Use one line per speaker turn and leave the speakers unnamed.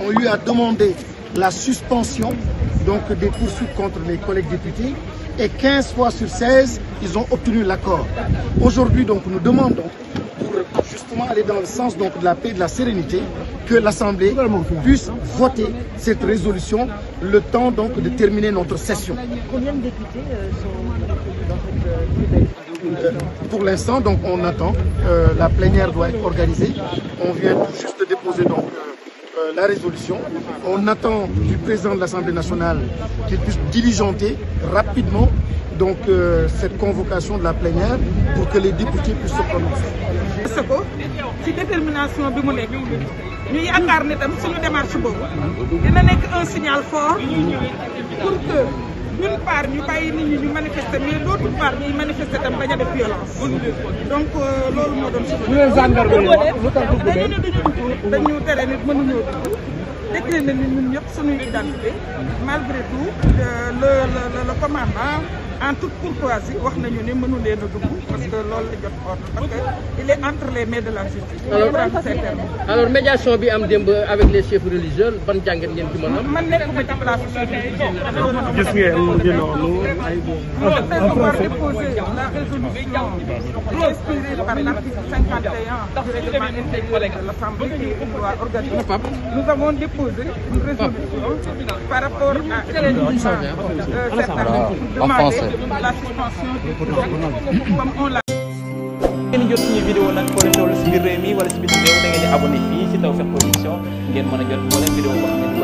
on lui a demandé la suspension donc des poursuites contre les collègues députés et 15 fois sur 16, ils ont obtenu l'accord. Aujourd'hui, donc, nous demandons, pour justement aller dans le sens de la paix et de la sérénité, que l'Assemblée puisse voter cette résolution le temps donc de terminer notre session. Combien de députés euh, sont dans euh, euh, pour l'instant, donc on attend. Euh, la plénière doit être organisée. On vient juste déposer donc. euh, la résolution. On attend du président de l'Assemblée nationale qu'il puisse diligenter rapidement donc euh, cette convocation de la plénière pour que les députés puissent se prononcer.
parce que ci un signal fort pour que. part ñu bàyyi nit ñi ñu manifester ñuy manifester tam bañ a def violence. donc euh, loolu moo doon. su ñu leen gendarmerie wax lu tax dugg dañu ne dañu dugg dañu tere décliné ni ñun ñëpp suñuy identité malgré tout le le le commandant en toute courtoisie wax nañu ne mënu leen a dugg parce que loolu la jot ordre parce que il est entre les mains de la justice. alors alors
médiation bi am démb avec les chefs religieux ban jàngat ngeen ci mën a.
man nekkuma ci place suñu gis ngeen mu ngi noonu ay. on va déposer la résolution. par l'article 51 du règlement intérieur de l'Assemblée qui est une loi organique, nous avons déposé une ah. résolution ah. par rapport à cet article pour demander la suspension du projet comme on l'a ngeen jot suñu vidéo nag foo leen toll si biir réew mi wala si biir réew da ngeen di abonné fii si Tawfekh Production ngeen mën a jot moo leen vidéo boo xam ne